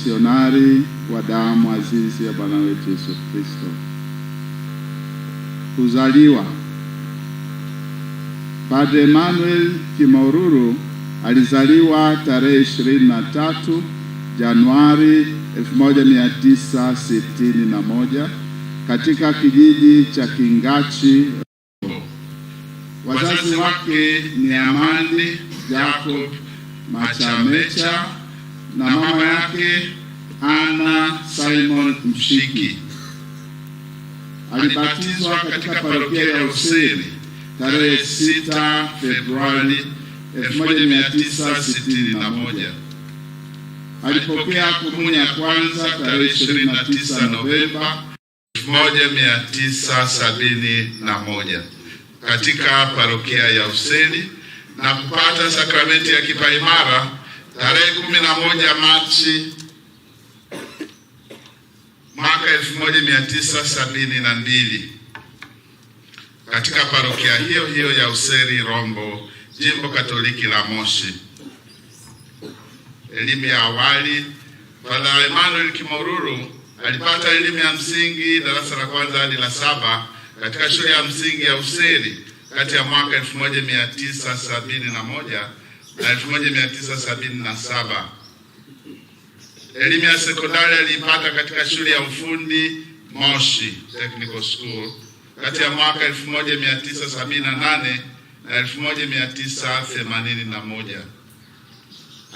wamisionari wa damu azizi ya Bwana wetu Yesu Kristo. Kuzaliwa. Padre Emmanuel Kimaururu alizaliwa tarehe 23 Januari 1961 katika kijiji cha Kingachi. Wazazi wake ni Amani Jacob Machamecha na mama yake Anna Simon Mshiki. Alibatizwa katika parokia ya Useri tarehe 6 Februari 1961. Alipokea komuni ya kwanza tarehe 29 Novemba 1971 katika parokia ya useni na kupata sakramenti ya kipaimara tarehe kumi na moja Machi mwaka elfu moja mia tisa sabini na mbili katika parokia hiyo hiyo ya Useri Rombo, jimbo Katoliki la Moshi. Elimu ya awali, Padre Emmanuel Kimoruru alipata elimu ya msingi darasa la kwanza hadi la saba katika shule ya msingi ya Useri kati ya mwaka 1971 1977. Elimu ya sekondari aliipata katika shule ya ufundi Moshi Technical School kati ya mwaka 1978 na 1981.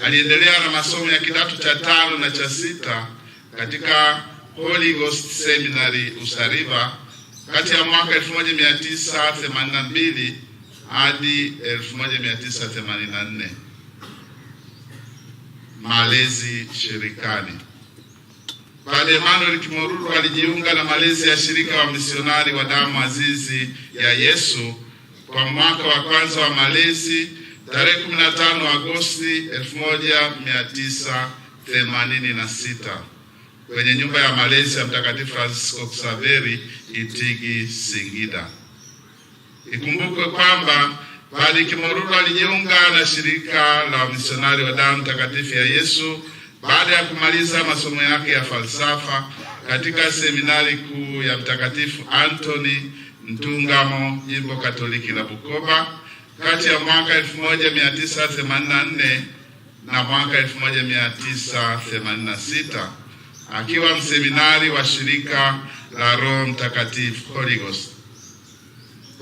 Aliendelea na masomo ya kidato cha tano na cha sita katika Holy Ghost Seminary Usariva kati ya mwaka 1982 hadi 1984 malezi shirikani. Padre Emmanuel Kimoruru alijiunga na malezi ya shirika wa misionari wa damu azizi ya Yesu kwa mwaka wa kwanza wa malezi tarehe 15 Agosti 1986 kwenye nyumba ya malezi ya Mtakatifu Francisco Xaveri Itigi Singida. Ikumbukwe kwamba Padre Kimoruru alijiunga na shirika la misionari wa damu takatifu ya Yesu baada ya kumaliza masomo yake ya falsafa katika seminari kuu ya Mtakatifu Anthony Mtungamo, jimbo Katoliki la Bukoba, kati ya mwaka 1984 na mwaka 1986 akiwa mseminari wa shirika la Roho Mtakatifu Holy Ghost.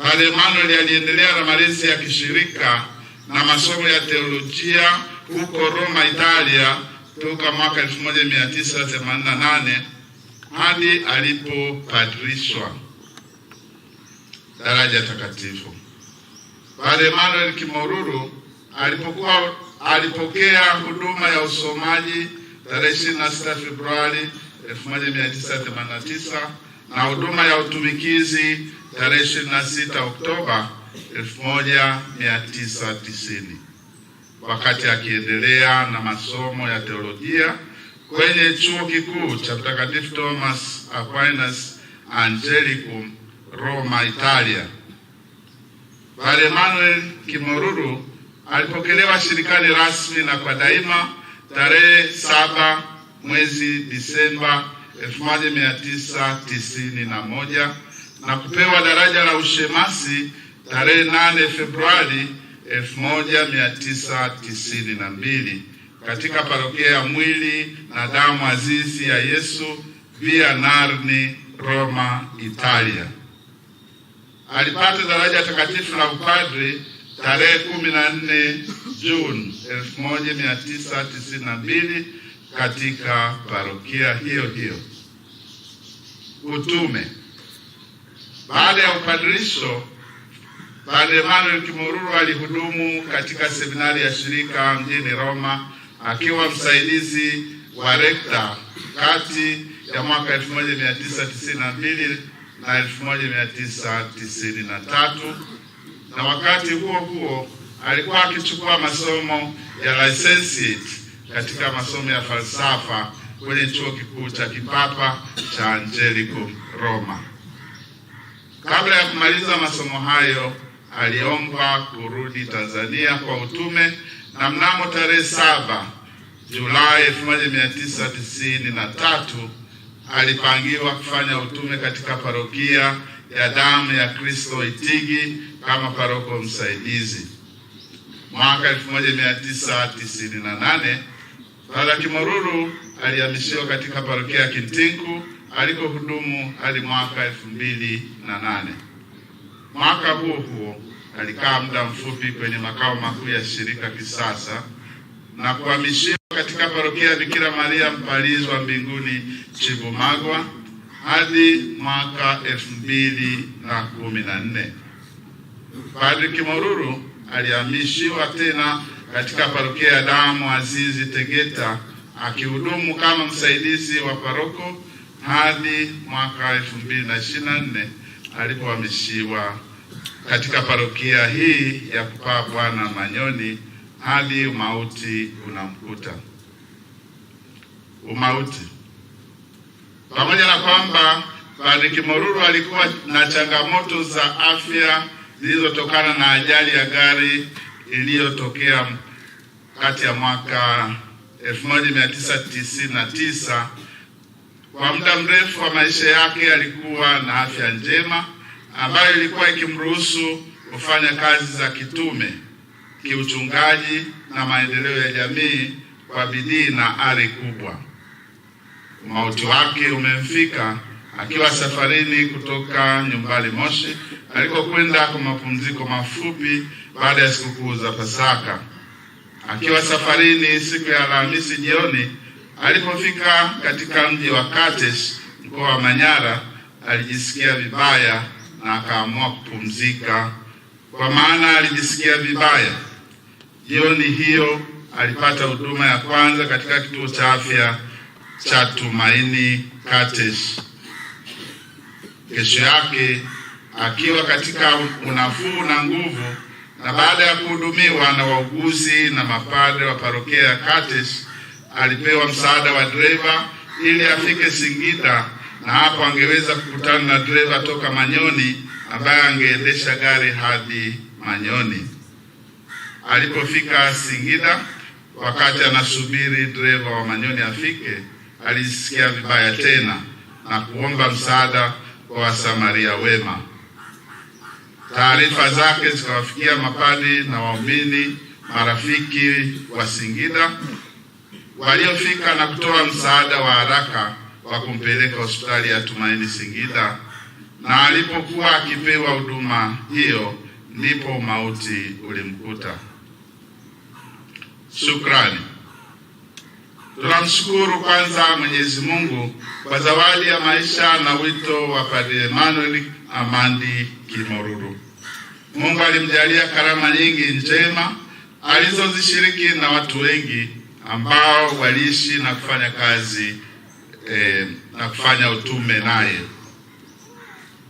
Pale Emmanuel aliendelea na malezi ya kishirika na masomo ya teolojia huko Roma, Italia toka mwaka 1988 hadi alipopadrishwa daraja takatifu. Pale Emmanuel Kimoruru alipokuwa alipokea huduma ya usomaji tarehe 26 Februari 1989 na huduma ya utumikizi tarehe 26 Oktoba 1990 wakati akiendelea na masomo ya teolojia kwenye chuo kikuu cha Mtakatifu Thomas Aquinas Angelicum Roma, Italia. Pale Manuel Kimoruru alipokelewa shirikani rasmi na kwa daima tarehe saba mwezi Disemba 1991 na kupewa daraja la ushemasi tarehe 8 Februari 1992 katika parokia ya mwili na damu azizi ya Yesu via Narni, Roma, Italia. Alipata daraja takatifu la upadri tarehe 14 Juni 1992 katika parokia hiyo hiyo. Utume baada ya upadrisho, Padre Emmanuel Kimururu alihudumu katika seminari ya shirika mjini Roma akiwa msaidizi wa rekta kati ya mwaka 1992 na 1993 na wakati huo huo alikuwa akichukua masomo ya licentiate katika masomo ya falsafa kwenye chuo kikuu cha kipapa cha Angelico Roma. Kabla ya kumaliza masomo hayo, aliomba kurudi Tanzania kwa utume na mnamo tarehe saba Julai 1993 alipangiwa kufanya utume katika parokia ya Damu ya Kristo Itigi kama paroko msaidizi. Mwaka 1998 Father Kimoruru alihamishiwa katika parokia ya Kintinku alikohudumu hadi mwaka elfu mbili na nane. Mwaka huo huo alikaa muda mfupi kwenye makao makuu ya shirika kisasa na kuhamishiwa katika parokia ya Bikira Maria Mpalizi wa Mbinguni Chivumagwa hadi mwaka elfu mbili na kumi na nne. Padri Kimoruru alihamishiwa tena katika parokia ya Damu Azizi Tegeta akihudumu kama msaidizi wa paroko hadi mwaka nne alipohamishiwa katika parokia hii ya Kupaa Bwana Manyoni hadi umauti unamkuta. Umauti, pamoja na kwamba Padri Kimoruru alikuwa na changamoto za afya zilizotokana na ajali ya gari iliyotokea kati ya mwaka 1999 kwa muda mrefu wa maisha yake alikuwa na afya njema ambayo ilikuwa ikimruhusu kufanya kazi za kitume, kiuchungaji na maendeleo ya jamii kwa bidii na ari kubwa. Mauti wake umemfika akiwa safarini kutoka nyumbani Moshi alikokwenda kwa mapumziko mafupi baada ya sikukuu za Pasaka. Akiwa safarini siku ya Alhamisi jioni Alipofika katika mji wa Katesh mkoa wa Manyara, alijisikia vibaya na akaamua kupumzika, kwa maana alijisikia vibaya. Jioni hiyo alipata huduma ya kwanza katika kituo cha afya cha Tumaini Katesh. Kesho yake akiwa katika unafuu na nguvu, na baada ya kuhudumiwa na wauguzi na mapadre wa parokia ya Katesh alipewa msaada wa dreva ili afike Singida, na hapo angeweza kukutana na dreva toka Manyoni ambaye angeendesha gari hadi Manyoni. Alipofika Singida, wakati anasubiri dreva wa Manyoni afike, alisikia vibaya tena na kuomba msaada kwa wasamaria wema. Taarifa zake zikawafikia mapadi na waumini, marafiki wa Singida waliofika na kutoa msaada wa haraka wa kumpeleka hospitali ya Tumaini Singida, na alipokuwa akipewa huduma hiyo ndipo mauti ulimkuta. Shukrani. Tunamshukuru kwanza Mwenyezi Mungu kwa zawadi ya maisha na wito wa Padre Emmanuel Amandi Kimoruru. Mungu alimjalia karama nyingi njema alizozishiriki na watu wengi ambao waliishi na kufanya kazi eh, na kufanya utume naye.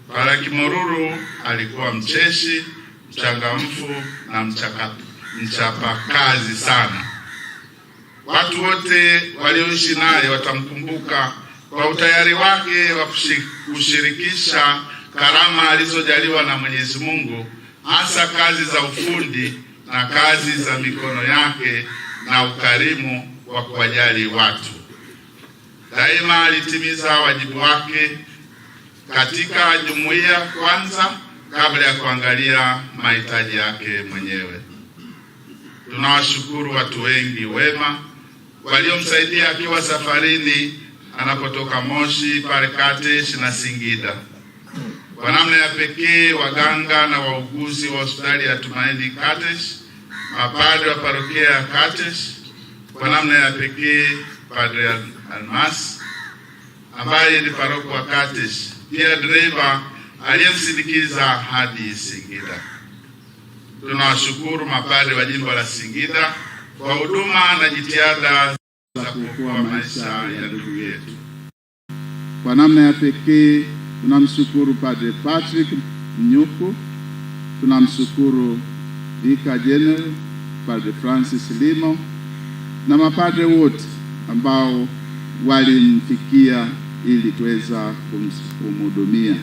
barakimoruru alikuwa mcheshi, mchangamfu na mchapakazi sana. Watu wote walioishi naye watamkumbuka kwa utayari wake wa kushirikisha karama alizojaliwa na Mwenyezi Mungu, hasa kazi za ufundi na kazi za mikono yake na ukarimu wa kuwajali watu. Daima alitimiza wajibu wake katika jumuiya kwanza kabla ya kuangalia mahitaji yake mwenyewe. Tunawashukuru watu wengi wema waliomsaidia akiwa safarini anapotoka Moshi, Parekate na Singida. Kwa namna ya pekee, waganga na wauguzi wa hospitali ya Tumaini Katesh mapadre ah, wa parokia ya Katesh, kwa namna ya pekee Padre Almas ambaye ni paroko wa Katesh, pia dereva aliyemsindikiza hadi Singida. Tunawashukuru mapadre wa jimbo la Singida kwa huduma na jitihada za kuokoa maisha ya ndugu yetu. Kwa namna ya pekee tunamshukuru Padre Patrick Mnyuku, tunamshukuru Vicar General Padre Francis Limo na mapadre wote ambao walimfikia ili kuweza kumhudumia.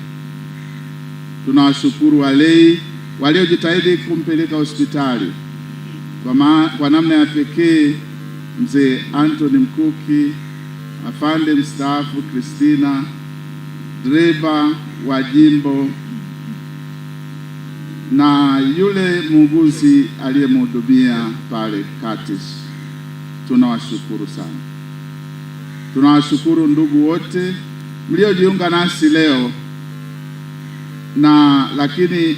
Tunawashukuru walei waliojitahidi kumpeleka hospitali kwa, ma, kwa namna ya pekee mzee Anthony Mkuki, afande mstaafu Christina, dreba wa jimbo na yule muuguzi aliyemhudumia pale Curtis, tunawashukuru sana. Tunawashukuru ndugu wote mliojiunga nasi leo na lakini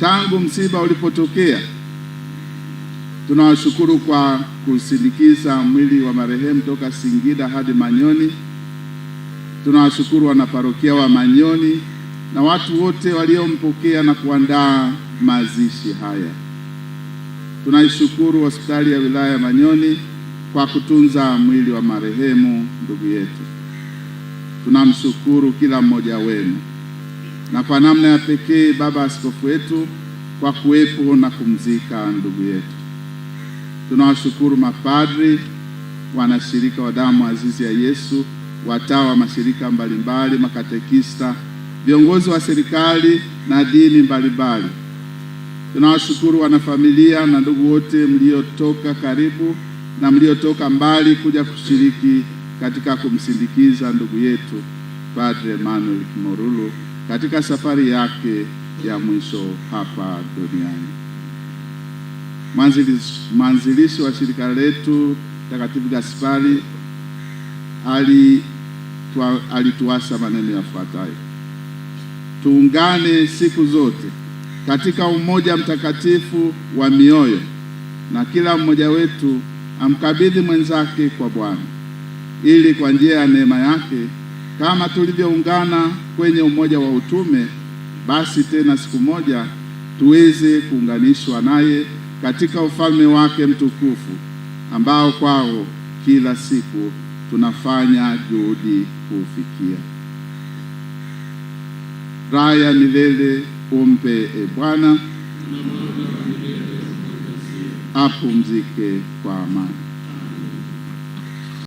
tangu msiba ulipotokea, tunawashukuru kwa kusindikiza mwili wa marehemu toka Singida hadi Manyoni. Tunawashukuru wanaparokia wa Manyoni na watu wote waliompokea na kuandaa mazishi haya. Tunaishukuru hospitali ya wilaya ya Manyoni kwa kutunza mwili wa marehemu ndugu yetu. Tunamshukuru kila mmoja wenu na kwa namna ya pekee baba askofu wetu kwa kuwepo na kumzika ndugu yetu. Tunawashukuru mapadri, wanashirika wa damu azizi ya Yesu, watawa wa mashirika mbalimbali, makatekista viongozi wa serikali na dini mbalimbali. Tunawashukuru wanafamilia na ndugu wote mliotoka karibu na mliotoka mbali kuja kushiriki katika kumsindikiza ndugu yetu Padre Emmanuel Kimorulu katika safari yake ya mwisho hapa duniani. Mwanzilishi wa shirika letu takatifu Gaspari alituasa maneno yafuatayo: tuungane siku zote katika umoja mtakatifu wa mioyo na kila mmoja wetu amkabidhi mwenzake kwa Bwana ili kwa njia ya neema yake kama tulivyoungana kwenye umoja wa utume, basi tena siku moja tuweze kuunganishwa naye katika ufalme wake mtukufu ambao kwao kila siku tunafanya juhudi kuufikia. Raha ya milele umpe e Bwana, apumzike kwa amani.